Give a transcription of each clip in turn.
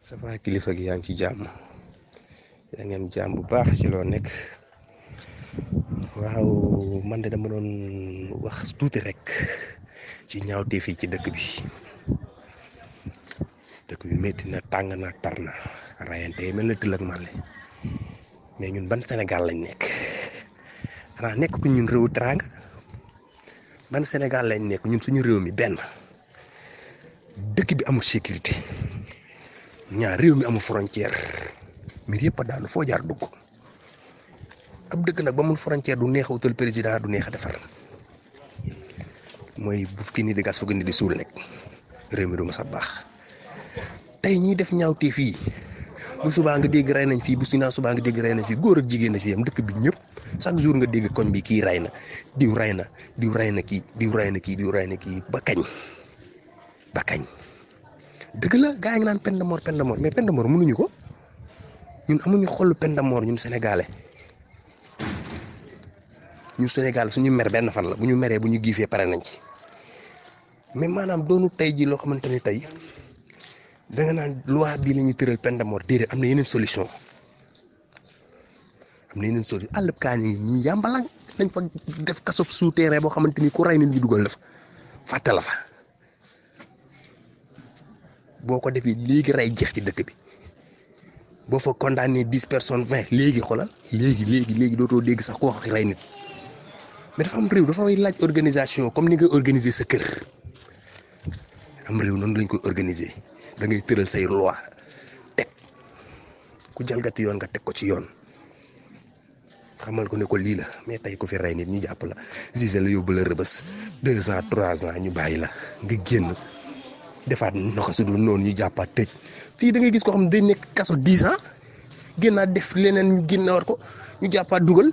sama kilifa gi yaa ngi ci jàmm yaa ngi am bu baax ci loo nekk waaw man de dama doon wax tuuti rekk ci ñaawteef yi ci dëkk bi dëkk bi metti na tàng na tar na rayante yi mel na tëll ak mais ñun ban Sénégal lañ nekk xanaa nekk ku ñun réewu teraanga ban Sénégal lañ nekk ñun suñu réew mi benn dëkk bi amul sécurité ñaar réew mi amul frontière mbir yëpp a daanu foo jaar dugg ab dëkk nag ba amul frontière du neex a utal président du neex a defar mooy bu fi ni di gas foog ni di suul rek réew mi du ma sa baax tey ñiy def ñaawtee fii bu subaa nga dégg rey nañ fii bu sinaa subaa nga dégg rey nañ fii góor ak jigéen a fi am dëkk bi ñëpp chaque jour nga dégg koñ bi kii ray na diw ray na diw rey na kii diw rey na kii diw rey na kii ba kañ ba kañ. dëgg la gaa yi ngi naan peine de mort peine de mort mais peine de mort mënuñu ko ñun amuñu xol peine de mort ñun sénégalais ñun sénégal suñu mer benn fan la bu ñu meree bu ñu giifee pare nañ ci mais maanaam doonu tey ji loo xamante ni tey da nga naan loi bii la ñuy tëral peine de am na yeneen solution am na yeneen solution àll kaa ñu ngi ñii yàmbalang nañ fa def kaso souterrain boo xamante ni ku rey nit ñu dugal la fa fàtte la fa. boo ko defee léegi rey jeex ci dëkk bi boo fa condamné dix personnes vingt léegi xoolal léegi léegi léegi dootoo dégg sax koo xam rey nit mais dafa am réew dafay laaj organisation comme ni ngay organiser sa kër am réew noonu lañ koy organiser da ngay tëral say loi teg ku jalgati yoon nga teg ko ci yoon xamal ko ne ko lii la mais tey ku fi rey nit ñu jàpp la gisé la yóbbu la rëbës deux ans trois ans ñu bàyyi la nga génn. defaat naka su noonu ñu jàppaat tëj fii da ngay gis ko xam ne day nekk kaso 10 génnaat def leneen ñu génnaat ko ñu jàppaat dugal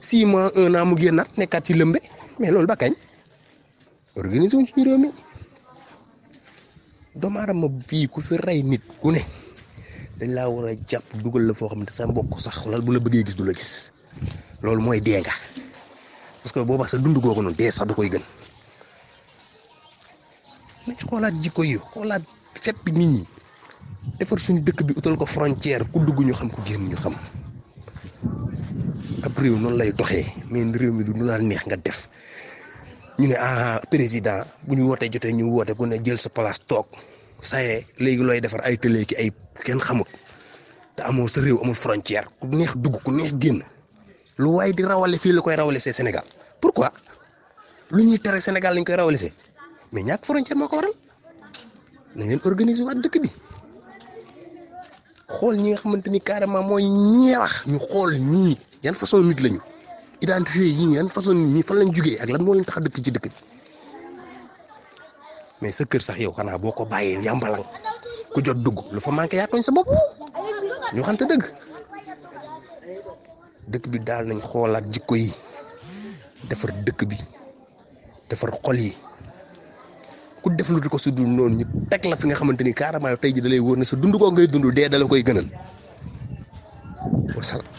6 mois 1 an mu génnaat nekkaat ci lëmbe mais loolu ba kañ organisé wuñ ci réew mi doomu fii ku fi rey nit ku ne dañ laa war a jàpp dugal la foo xam ne sa mbokk sax xoolal bu la bëggee gis du la gis loolu mooy dee nga parce que boobaa sa dund googu noonu dee sax du koy gën. nañ xoolaat jikko yi xoolaat seppi nit ñi defar suñ dëkk bi utal ko frontière ku dugg ñu xam ku génn ñu xam ab réew noonu lay doxee mais réew mi du lu la neex nga def ñu ne ah président bu ñu wootee jotee ñu woote ku ne jël sa place toog saye léegi looy defar ay télé ki ay kenn xamut te amoo sa réew amul frontière ku neex dugg ku neex génn lu waaye di rawale fii la koy rawale see Sénégal pourquoi lu ñuy tere Sénégal lañ koy rawale see mais ñàkk frontière moo ko waral na ngeen organiser dëkk bi xool ñi nga xamante ni carrément mooy ñeerax ñu xool ñii yan façon nit lañu identifier yii yan façon ñii fan lañ jugee ak lan moo leen tax a dëkk ci dëkk bi mais sa kër sax yow xanaa boo ko bàyyee yàmbalang ku jot dugg lu fa manqué yaa sa bopp ñu xante dëgg dëkk bi daal nañ xoolaat jikko yi defar dëkk bi defar xol yi ku def lu ko su dul noonu ñu teg la fi nga xamante ni carrément tey ji da lay ne sa dund ko ngay dund dee dala koy gënal wasalaam